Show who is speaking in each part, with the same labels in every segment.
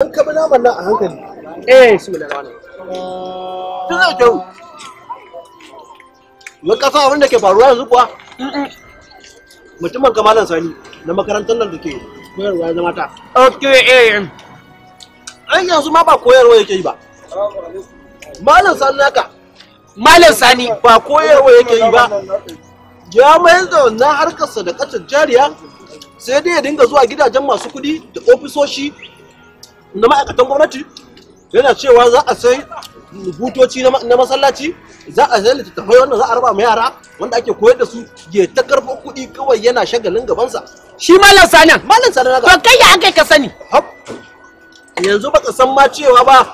Speaker 1: An kaɓi naman nan a hankali. Eh, su mai lalawa ne. Tun zai kyau. Mun kasa abin da ke faruwa yanzu kuwa? Mutumin kamalan sani na makarantar nan da ke koyarwa na mata. Ok, eh. Ai yanzu ma ba koyarwa yake yi ba. Malam sani naka. Malam sani. Ba koyarwa yake yi ba. Ya mayar da wannan harkarsa da ƙasar jariya sai dai ya dinga zuwa gidajen masu kuɗi da ofisoshi na ma'aikatan gwamnati yana cewa za a sai butoci na masallaci za a sai littattafai wanda za a raba yara wanda ake koyar da su ya ta karfin kuɗi kawai yana shagalin gabansa shi malam sanan malam sanan to kai ya aka ka sani yanzu baka san ma cewa ba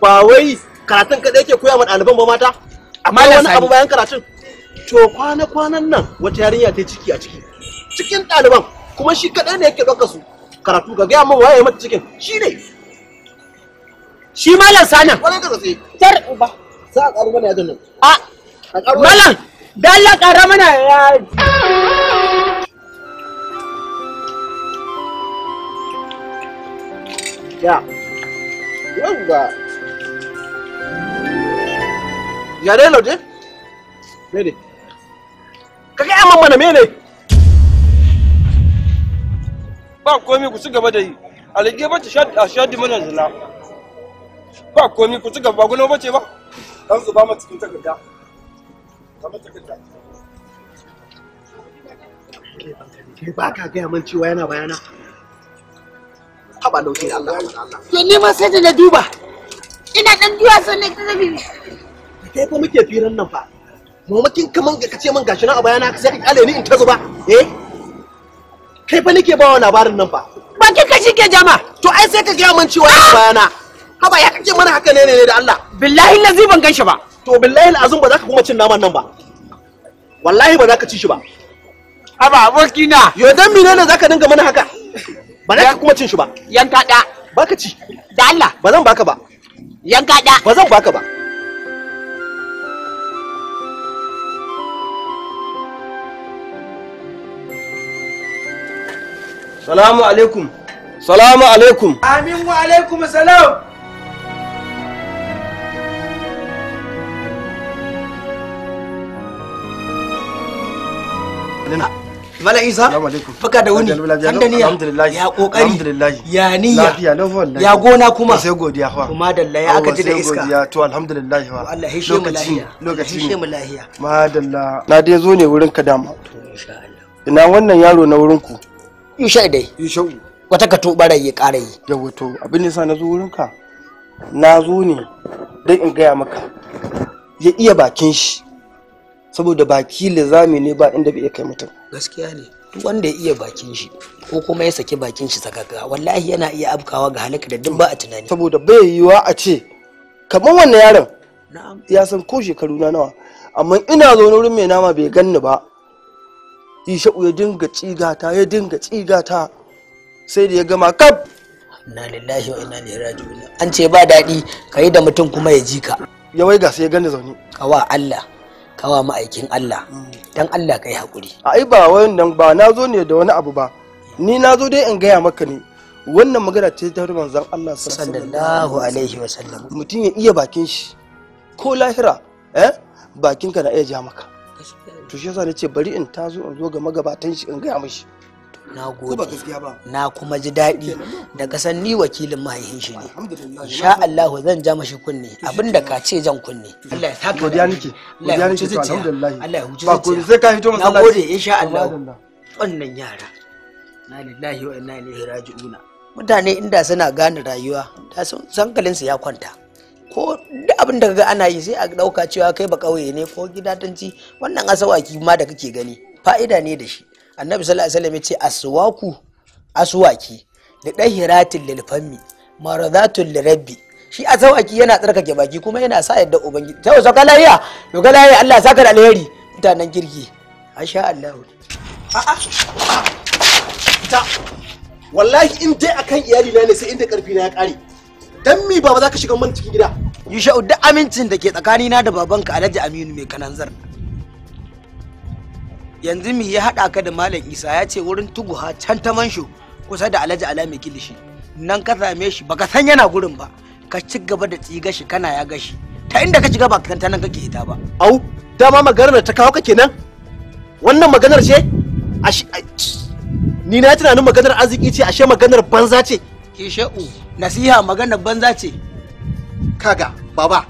Speaker 1: ba wai karatun kaɗai yake koya ma ɗaliban ba mata amma wani abu bayan karatun to kwana-kwanan nan wata yarinya ta ciki a ciki cikin ɗaliban kuma shi kaɗai ne yake ɗauka su karatu ga gaya min waye mata cikin shi ne shi malam sanan kwarai da za a karu mana yajin nan
Speaker 2: a malam dalla kara mana ya ya
Speaker 1: yawwa ya dai lauje me ne ka ga amma mana mene ba komai ku ci gaba da yi alage ba ta shadi mana zina ba komi ku ci gaba gulma bace ba dan ba mu cikin takarda kamar takarda kai ba ka gaya min cewa yana bayana haba lauke Allah to ni ma sai da na duba ina dan duwa sai ne Ka zabi kai ko muke firan nan fa mamakin kaman ga ce min gashi nan a bayana ka sai ka kale ni in ta zuba eh kai fa nake bawa labarin nan fa ba ki ka ke jama to ai sai ka gaya min cewa yana bayana haba ya kace mana haka ne ne da Allah billahi lazi ban ganshi ba to billahi azum ba za ka kuma cin naman nan ba wallahi ba za ka ci shi ba haba aboki na yo dan mine ne zaka dinga mana haka ba za ka kuma cin shi ba yanka da baka ci da Allah ba zan baka ba yanka da ba zan baka ba Salamu alaikum. Salamu alaikum. Amin wa alaikum
Speaker 2: salam. Mala Isa, baka da wuni, kan da ya kokari, ya niya ya gona kuma, sai godiya fa. Kuma aka ji da iska. To Allah ya shi mu lahiya. Madalla, na zo ne wurin ka dama. Ina wannan yaro na wurin ku. Wata ka to abin nisa na ne dan in gaya maka. Ya iya bakin shi. saboda baki lizami ne ba inda bai kai mutum gaskiya ne duk wanda ya iya bakin shi ko kuma ya saki bakin shi sakaka wallahi yana iya afkawa ga halaka da duk ba a tunani saboda bai yiwa a ce kamar wannan yaron ya san ko shekaru na nawa amma ina zaune wurin mai nama bai ganni ba yi shaku ya dinga cigata ya dinga cigata sai da ya gama kaf na lillahi wa inna ilaihi raji'un an ce ba daɗi ka da mutum kuma ya ji ka yawai ga sai ya gani zaune kawa Allah kawa ma'aikin Allah mm. dan Allah kai hakuri ai ba wannan ba na zo ne da wani abu ba ni na zo dai in gaya maka ne wannan magana ce ta manzon Allah sallallahu alaihi wasallam mutum ya iya bakin shi ko lahira eh bakinka na iya ja maka to shi yasa nace bari in tazo in zo ga magabatan shi in gaya mishi na gode na kuma ji daɗi da kasan ni wakilin mahaifin shi ne insha Allah zan ja mashi kunne abinda ka ce jan kunne Allah ya saka godiya nake godiya nake to alhamdulillah Allah ya huce ba ko sai ka fito masallaci na gode insha Allah wannan yara na lillahi wa inna ilaihi raji'una mutane inda suna gane rayuwa da sankalin su ya kwanta ko duk abin da kaga ana yi sai a dauka cewa kai ba kauye ne ko gidatanci wannan asawaki ma da kake gani fa'ida ne da shi annabi sallallahu alaihi wasallam ya ce aswaku aswaki da dahiratul lil maradatul lirabbi shi aswaki yana tsarkake baki kuma yana sa yadda ubangiji ta wasa kalaiya to kalaiya Allah saka da alheri mutanen kirki asha Allah a'a
Speaker 1: ta wallahi in dai akan iyali na ne sai inda karfi na ya kare
Speaker 2: dan mi baba zaka shiga mun cikin gida sha'u duk amincin da ke tsakanina da babanka Alhaji Aminu mai kananzar yanzu mi ya haɗa ka da malam isa ya ce wurin tuguha can ta mansho kusa da alhaji ala mai kilishi nan ka same shi baka san yana gurin ba ka ci gaba da tsiga shi kana ya gashi ta inda ka shiga ba ka nan kake ita ba au dama maganar ta kawo kake nan? wannan maganar ce
Speaker 1: ni na tunanin maganar arziki ce ashe maganar banza ce Ke sha'u nasiha maganar banza ce kaga baba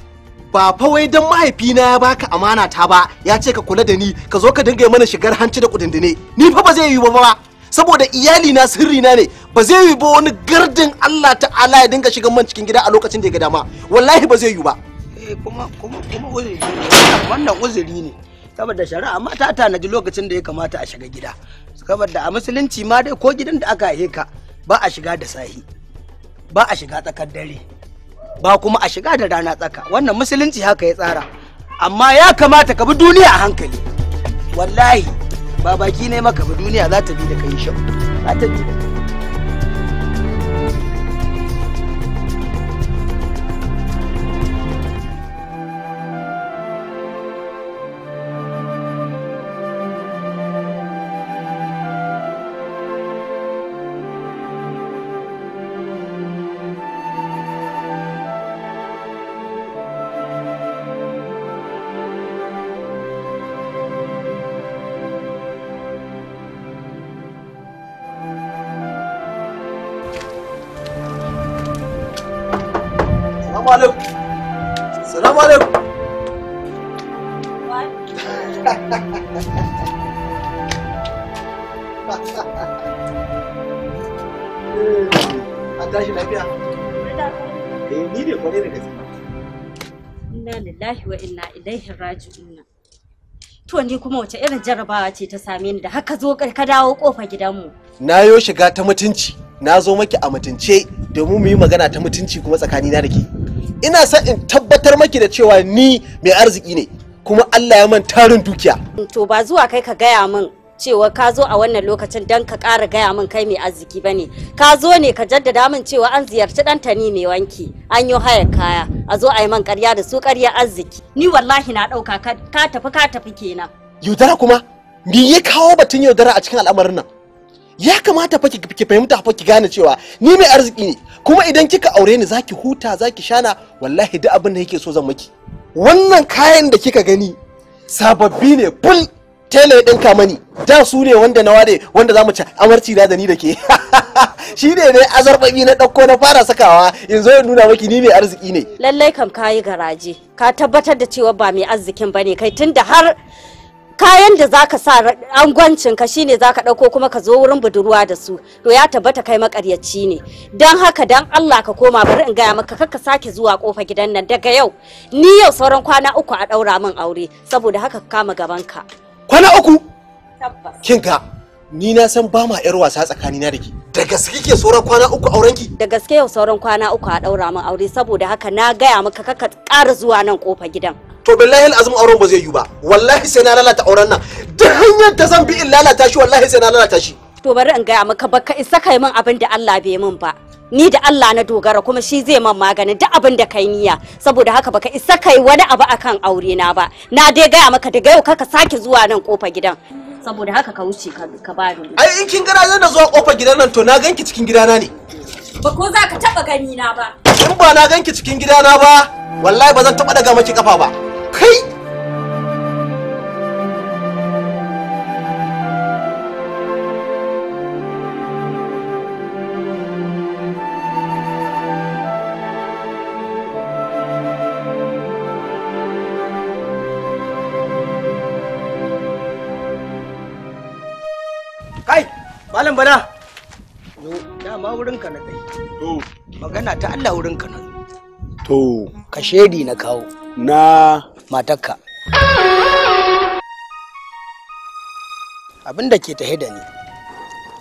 Speaker 1: ba fa wai dan mahaifina ya baka amana ta ba ya ce ka kula da ni ka zo ka dinga mana shigar hanci da kudindine ni fa ba zai yi ba ba saboda iyali na sirri na ne ba zai yi ba wani gardin Allah ta'ala ya dinga shigan man cikin gida a lokacin da ya ga dama wallahi ba zai yi ba
Speaker 2: eh, kuma kuma kuma uzuri wannan uzuri ne saboda shari'a ma ta tanaji lokacin da ya kamata a shiga gida saboda a musulunci ma dai ko gidan da aka haife ka ba a shiga da sahi ba a shiga tsakar dare ba kuma a shiga da rana tsaka wannan musulunci haka ya tsara amma ya kamata ka bi duniya a hankali wallahi babaki ne maka ba duniya za ta bi da kai shau za ta bi da kai
Speaker 1: Salamu alaikum. Salamu alaikum. A eh, tashi lafiya?
Speaker 3: Eh ni ne Inna lillahi wa inna ilaihi raji'un. To ni kuma wace irin jarabawa ce ta same ni da haka zo ka dawo kofa gidanmu.
Speaker 1: Na yo shiga ta mutunci. Na zo maki a mutunce domin mu yi magana ta mutunci kuma tsakanina da ke. ina sa in tabbatar maki da cewa ni mai arziki ne kuma Allah ya man tarin dukiya
Speaker 3: to ba zuwa kai ka gaya min cewa ka zo a wannan lokacin don ka ƙara gaya min kai mai arziki ne? ka zo ne ka jaddada min cewa an ziyarci ɗan tani mai wanki an yi hayar kaya a zo a yi man ƙarya da su ƙarya arziki ni wallahi na ɗauka ka tafi ka tafi kenan
Speaker 1: yaudara kuma me ya kawo batun yaudara a cikin al'amarin nan ya kamata fa ki fahimta fa ki gane cewa ni mai arziki ne kuma idan kika aure ni zaki huta zaki shana wallahi duk abin da yake so zan maki wannan kayan da kika gani sababbi ne full tela ɗinka mani da su ne wanda na ware wanda zamu ci amarci da ni da ke shi ne ne azarbabi na ɗauko na fara sakawa yanzu ya nuna maki ni mai arziki ne
Speaker 3: lallai kam kayi garaje ka tabbatar da cewa ba mai arzikin bane kai tunda har kayan da zaka sa angwancin ka shine zaka dauko kuma ka zo wurin budurwa da su to ya tabbata kai makaryaci ne dan haka dan Allah ka koma bari in gaya maka kakka sake zuwa kofa gidan nan daga yau ni yau sauran kwana uku a daura min aure saboda haka ka kama gaban ka
Speaker 1: kwana uku tabbas kinka ni na san ba ma yar wasa tsakani na dake
Speaker 3: da gaske ke sauran kwana uku auren ki da gaske yau sauran kwana uku a daura min aure saboda haka na gaya maka kakka ƙara zuwa nan kofa gidan
Speaker 1: to billahi azum auren ba
Speaker 3: zai yi ba wallahi sai na lalata auren nan duk
Speaker 1: hanyar da zan bi in lalata shi wallahi sai na lalata shi
Speaker 3: to bari in gaya maka baka isa kai min abin da Allah bai min ba ni da Allah na dogara kuma shi zai man magani duk abin da kai niyya saboda haka baka isa kai wani abu akan aure na ba na dai gaya maka daga yau kaka sake zuwa nan kofa gidan saboda haka ka wuce ka ba ni ai in kin gara zan zuwa kofa gidan
Speaker 1: nan to na ganki cikin gidana ne
Speaker 3: ba ko za ka taba gani na ba
Speaker 1: in ba na ganki cikin gidana ba wallahi ba zan taba daga maki kafa ba kai kai
Speaker 2: malam bana dama wurinka na kai magana ta Allah wurinka na to ka shedi na kawo na matakka abin da ke tahe da ni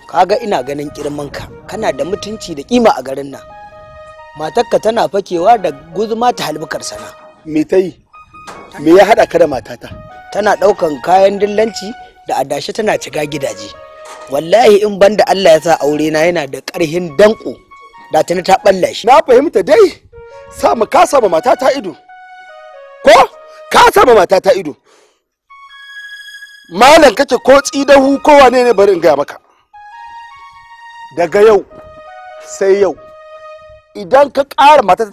Speaker 2: kaga ina ganin girmanka kana da mutunci da kima a garin nan matakka tana fakewa da guzuma ta halbukar sana me ta yi me ya haɗa ka da matata tana ɗaukan kayan dillanci da adashi tana ciga gidaje wallahi in banda Allah ya sa aure na yana da ƙarhin danko da tuni ta ɓalla shi na fahimta dai sa mu kasa ma matata ido ko ka sama mata ta
Speaker 1: ido malam kake ko tsidahu ko wane ne bari in gaya maka
Speaker 2: daga yau sai yau idan ka ƙara mata